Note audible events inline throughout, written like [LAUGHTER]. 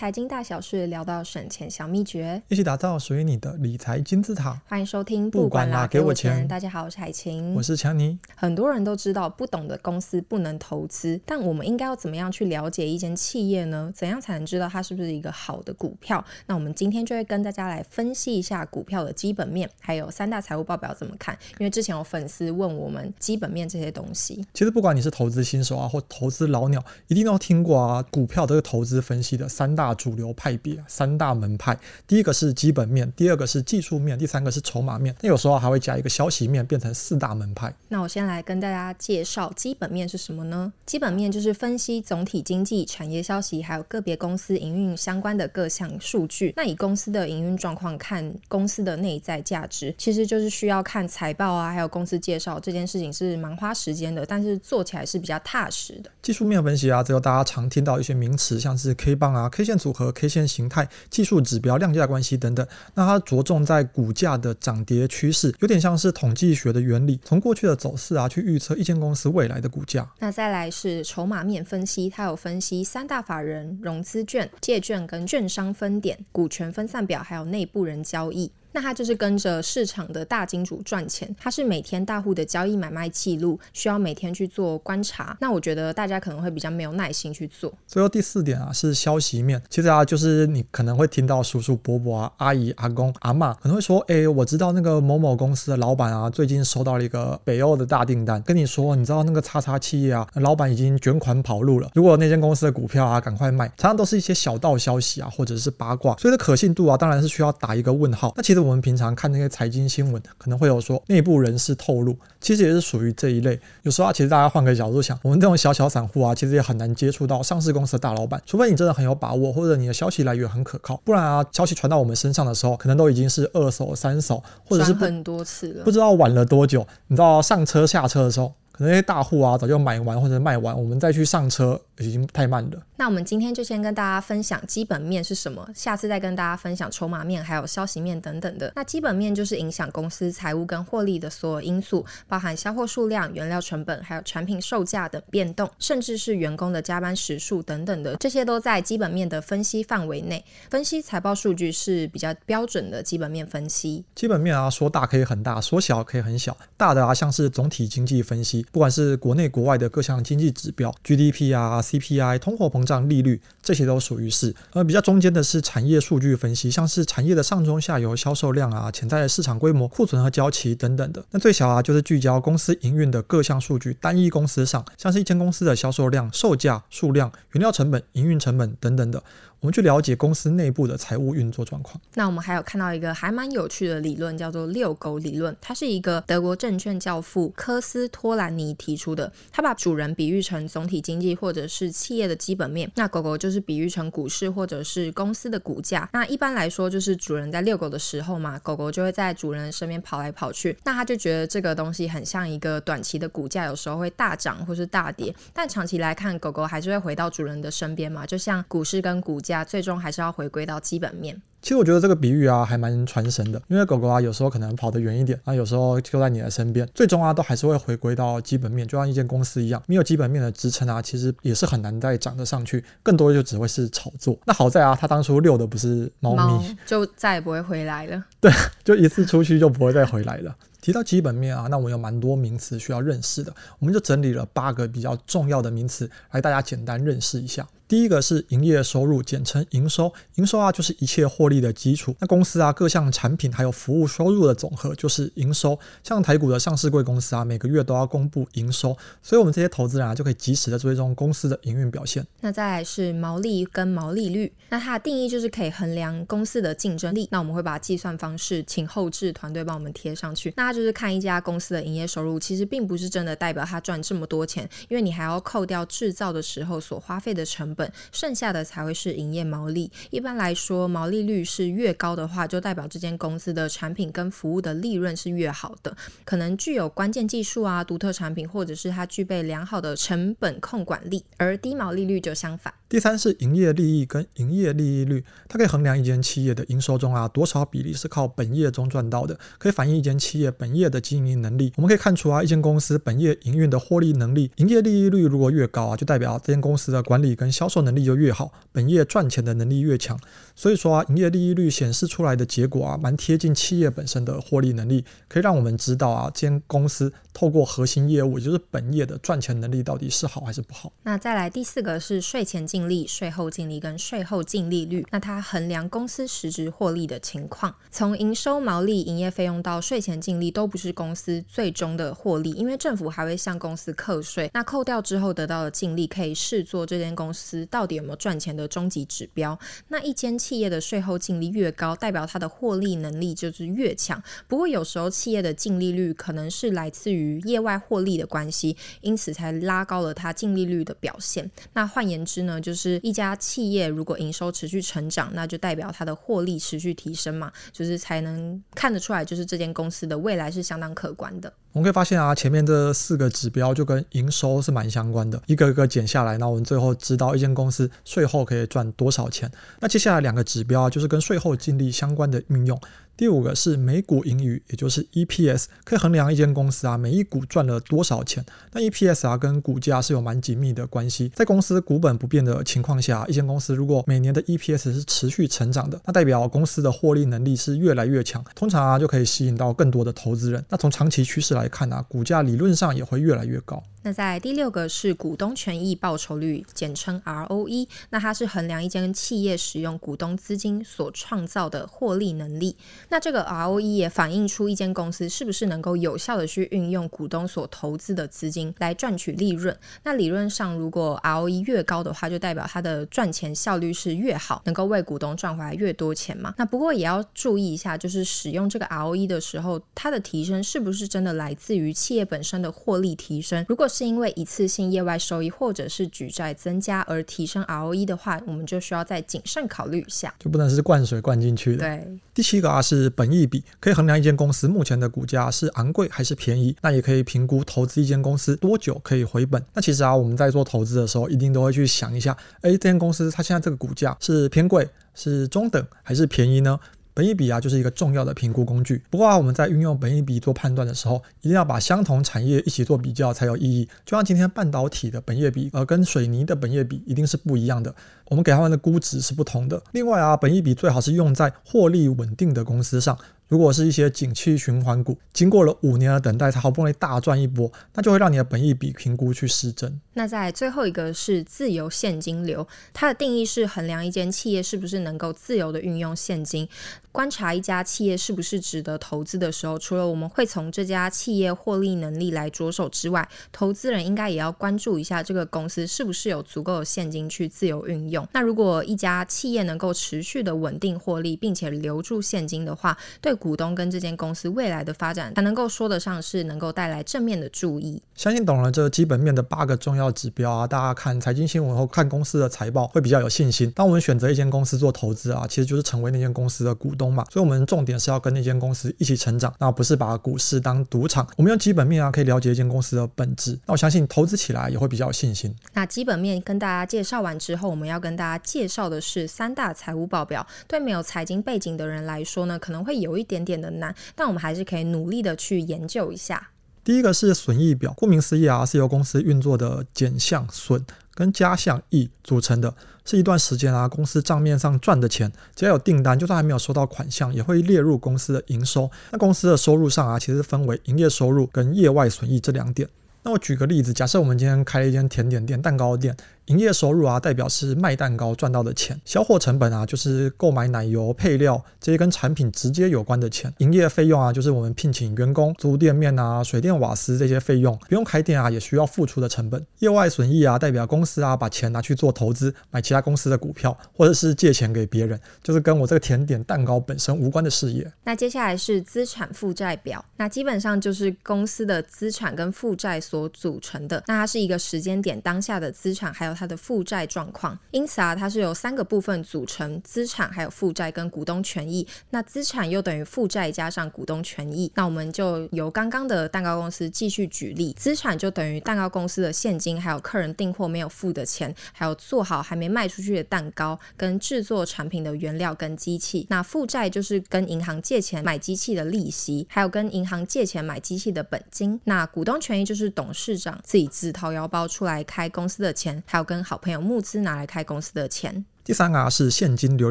財經大小事，聊到省錢小秘訣，一起打造屬於你的理財金字塔。歡迎收聽，不管啦，給我錢。大家好，我是海晴，我是強尼。很多人都知道，不懂的公司不能投資，但我們應該要怎麼樣去了解一間企業呢？怎樣才能知道它是不是一個好的股票？那我們今天就會跟大家來分析一下股票的基本面，還有三大財務報表怎麼看？因為之前有粉絲問我們基本面這些東西，其實不管你是投資新手啊，或投資老鳥，一定要聽過啊，股票都是投資分析的三大。主流派別三大門派，第一個是基本面，第二個是技術面，第三個是籌碼面。那有時候還會加一個消息面，變成四大門派。那我先來跟大家介紹基本面是什麼呢？基本面就是分析總體經濟、產業消息，還有個別公司營運相關的各項數據。那以公司的營運狀況看公司的內在價值，其實就是需要看財報啊，還有公司介紹。這件事情是蠻花時間的，但是做起來是比較踏實的。技術面分析啊，只有大家常聽到一些名詞，像是 K 棒啊、K 線。組合 K 線形態、技術指標、量價關係等等，那它着重在股價的漲跌趨勢，有點像是統計學的原理，從過去的走勢啊去預測一間公司未來的股價。那再來是籌碼面分析，它有分析三大法人、融資券、借券跟券商分點、股權分散表，還有內部人交易。那他就是跟着市場的大金主賺錢，他是每天大戶的交易買賣記錄，需要每天去做觀察。那我覺得大家可能會比較沒有耐心去做。最後第四點啊，是消息面。其實啊，就是你可能會聽到叔叔伯伯啊、阿姨阿公阿嬤，可能會說，哎、欸，我知道那個某某公司的老闆啊，最近收到了一個北歐的大訂單。跟你說，你知道那個叉叉企業啊，老闆已經捲款跑路了。如果那間公司的股票啊，趕快賣。常常都是一些小道消息啊，或者是八卦，所以的可信度啊，當然是需要打一個問號。那其實。我們平常看那些財經新聞，可能會有說內部人士透露，其實也是屬於這一類。有時候啊，其實大家換個角度想，我們這種小小散戶啊，其實也很難接觸到上市公司的大老板，除非你真的很有把握，或者你的消息來源很可靠。不然啊，消息傳到我們身上的時候，可能都已經是二手、三手，或者是很多次了，不知道晚了多久。你知道上車下車的時候。那些大戶啊，早就買完或者賣完，我們再去上車已經太慢了。那我們今天就先跟大家分享基本面是什麼，下次再跟大家分享籌碼面、還有消息面等等的。那基本面就是影響公司財務跟獲利的所有因素，包含銷貨數量、原料成本、還有產品售價的變動，甚至是員工的加班時數等等的，這些都在基本面的分析範圍內。分析財報數據是比較標準的基本面分析。基本面啊，說大可以很大，說小可以很小。大的啊，像是總體經濟分析。不管是國內國外的各項經濟指標，GDP 啊、CPI、通貨膨脹、利率，這些都屬於是。呃，比較中間的是產業數據分析，像是產業的上中下游銷售量啊、潛在的市場規模、庫存和交期等等的。那最小啊，就是聚焦公司營運的各項數據，單一公司上，像是一間公司的銷售量、售價、數量、原料成本、營運成本等等的。我們去了解公司內部的財務運作狀況。那我們還有看到一個還蠻有趣的理論，叫做“遛狗理論”。它是一個德國證券教父科斯托蘭尼提出的。他把主人比喻成總體經濟或者是企業的基本面，那狗狗就是比喻成股市或者是公司的股價。那一般來說，就是主人在遛狗的時候嘛，狗狗就會在主人身邊跑來跑去。那他就覺得這個東西很像一個短期的股價，有時候會大漲或是大跌。但長期來看，狗狗還是會回到主人的身邊嘛，就像股市跟股。啊，最終還是要回歸到基本面。其實我覺得這個比喻啊，還蠻傳神的，因為狗狗啊，有時候可能跑得遠一點啊，有時候就在你的身邊，最終啊，都還是會回歸到基本面，就像一間公司一樣，沒有基本面的支撐啊，其實也是很難再漲得上去，更多就只會是炒作。那好在啊，它當初遛的不是貓咪，貓就再也不會回來了。 [LAUGHS] 對，就一次出去就不會再回來了。 [LAUGHS] 提到基本面啊，那我們有蠻多名詞需要認識的，我們就整理了八個比較重要的名詞，來大家簡單認識一下。第一個是營業收入，簡稱營收。營收啊，就是一切獲利的基礎。那公司啊，各項產品還有服務收入的總和就是營收。像台股的上市櫃公司啊，每個月都要公布營收，所以我們這些投資人啊，就可以及時的追蹤公司的營運表現。那再來是毛利跟毛利率。那它的定義就是可以衡量公司的競爭力。那我們會把計算方式請後製團隊幫我們貼上去。那就是看一家公司的營業收入，其實並不是真的代表它賺這麼多錢，因為你還要扣掉製造的時候所花費的成本。剩下的才會是營業毛利。一般來說，毛利率是越高的話，就代表這間公司的產品跟服務的利潤是越好的，可能具有關鍵技術啊、獨特產品，或者是它具備良好的成本控管理。而低毛利率就相反。第三是營業利益跟營業利益率，它可以衡量一間企業的營收中啊，多少比例是靠本業中賺到的，可以反映一間企業本業的經營能力。我們可以看出啊，一間公司本業營運的獲利能力，營業利益率如果越高啊，就代表這間公司的管理跟銷做能力就越好，本業賺錢的能力越強，所以說啊，營業利潤率顯示出來的結果啊，蠻貼近企業本身的獲利能力，可以讓我們知道啊，間公司透過核心業務，也就是本業的賺錢能力到底是好還是不好。那再來第四個是稅前淨利、稅後淨利跟稅後淨利率，那它衡量公司實質獲利的情況。從營收毛利、營業費用到稅前淨利，都不是公司最終的獲利，因為政府還會向公司扣稅。那扣掉之後得到的淨利，可以視作這間公司。到底有沒有賺錢的終極指標？那一間企業的稅後淨利越高，代表它的獲利能力就是越強。不過有時候企業的淨利率可能是來自於業外獲利的關係，因此才拉高了它淨利率的表現。那換言之呢，就是一家企業如果營收持續成長，那就代表它的獲利持續提升嘛，就是才能看得出來，就是這間公司的未來是相當可觀的。我們可以發現啊，前面這四個指標就跟營收是蠻相關的，一個一個減下來，那我們最後知道一間。公司稅後可以賺多少錢？那接下來兩個指標啊，就是跟稅後淨利相關的運用。第五個是每股盈餘，也就是 EPS，可以衡量一間公司啊每一股賺了多少錢。那 EPS 啊跟股價是有蠻緊密的關係。在公司股本不變的情況下，一間公司如果每年的 EPS 是持續成長的，那代表公司的獲利能力是越來越強，通常啊就可以吸引到更多的投資人。那從長期趨勢來看啊，股價理論上也會越來越高。那在第六個是股東權益報酬率，簡稱 ROE。那它是衡量一間企業使用股東資金所創造的獲利能力。那這個 ROE 也反映出一間公司是不是能夠有效的去運用股東所投資的資金來賺取利潤。那理論上，如果 ROE 越高的話，就代表它的賺錢效率是越好，能夠為股東賺回來越多錢嘛。那不過也要注意一下，就是使用這個 ROE 的時候，它的提升是不是真的來自於企業本身的獲利提升？如果是因為一次性業外收益或者是舉債增加而提升 ROE 的話，我們就需要再謹慎考慮一下，就不能是灌水灌進去的。對，第七個啊是本益比，可以衡量一間公司目前的股價是昂貴還是便宜，那也可以評估投資一間公司多久可以回本。那其實啊，我們在做投資的時候，一定都會去想一下，誒，這間公司它現在這個股價是偏貴、是中等還是便宜呢？本益比啊，就是一個重要的評估工具。不過啊，我們在運用本益比做判斷的時候，一定要把相同產業一起做比較才有意義。就像今天半導體的本益比，呃、啊，跟水泥的本益比一定是不一樣的，我們給他們的估值是不同的。另外啊，本益比最好是用在獲利穩定的公司上。如果是一些景氣循環股，經過了五年的等待，它好不容易大賺一波，那就會讓你的本益比評估去失真。那在最後一個是自由現金流，它的定義是衡量一間企業是不是能夠自由的運用現金。觀察一家企業是不是值得投資的時候，除了我們會從這家企業獲利能力來着手之外，投資人應該也要關注一下這個公司是不是有足夠的現金去自由運用。那如果一家企業能夠持續的穩定獲利，並且留住現金的話，對。股東跟這間公司未來的發展，才能夠說得上是能夠帶來正面的注意。相信懂了這個基本面的八個重要指標啊，大家看財經新聞後看公司的財報會比較有信心。當我們選擇一間公司做投資啊，其實就是成為那間公司的股東嘛。所以，我們重點是要跟那間公司一起成長，那不是把股市當賭場。我們用基本面啊，可以了解一間公司的本質。那我相信投資起來也會比較有信心。那基本面跟大家介紹完之後，我們要跟大家介紹的是三大財務報表。對沒有財經背景的人來說呢，可能會有一。點點的難，但我們還是可以努力的去研究一下。第一個是損益表，顧名思義啊，是由公司運作的減項損跟加項益組成的，是一段時間啊公司賬面上賺的錢。只要有訂單，就算還沒有收到款項，也會列入公司的營收。那公司的收入上啊，其實分為營業收入跟業外損益這兩點。那我舉個例子，假設我們今天開了一間甜點店、蛋糕店。營業收入啊，代表是賣蛋糕賺到的錢；銷貨成本啊，就是購買奶油、配料這些跟產品直接有關的錢；營業費用啊，就是我們聘請員工、租店面啊、水電瓦斯這些費用；不用開店啊，也需要付出的成本。業外損益啊，代表公司啊把錢拿去做投資，買其他公司的股票，或者是借錢給別人，就是跟我這個甜點蛋糕本身無關的事業。那接下來是資產負債表，那基本上就是公司的資產跟負債所組成的。那它是一個時間點當下的資產還有，它的負債狀況，因此啊，它是由三個部分組成：資產、還有負債跟股東權益。那資產又等於負債加上股東權益。那我們就由剛剛的蛋糕公司繼續舉例：資產就等於蛋糕公司的現金，還有客人訂貨沒有付的錢，還有做好還沒賣出去的蛋糕，跟製作產品的原料跟機器。那負債就是跟銀行借錢買機器的利息，還有跟銀行借錢買機器的本金。那股東權益就是董事長自己自掏腰包出來開公司的錢，還有要跟好朋友募資拿來開公司的錢。第三個啊是現金流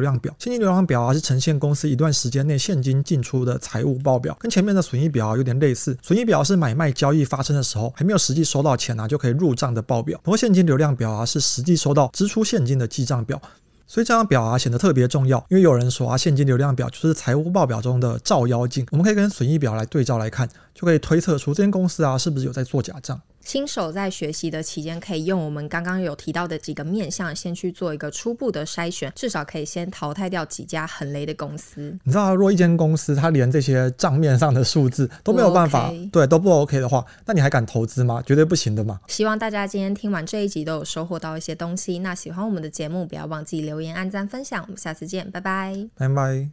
量表，現金流量表啊是呈現公司一段時間內現金進出的財務報表，跟前面的損益表啊有點類似。損益表是買賣交易發生的時候還沒有實際收到錢啊就可以入賬的報表，不過現金流量表啊是實際收到、支出現金的記賬表。所以這張表啊顯得特別重要，因為有人說啊，現金流量表就是財務報表中的照妖鏡。我們可以跟損益表來對照來看，就可以推測出這間公司啊是不是有在做假賬。新手在學習的期間，可以用我們剛剛有提到的幾個面向，先去做一個初步的篩選，至少可以先淘汰掉幾家很雷的公司。你知道，如果一間公司它連這些賬面上的數字都沒有辦法，OK、對都不 OK 的話，那你還敢投資嗎？絕對不行的嘛！希望大家今天聽完這一集都有收穫到一些東西。那喜歡我們的節目，不要忘記留言、按讚、分享。我們下次見，拜拜，拜拜。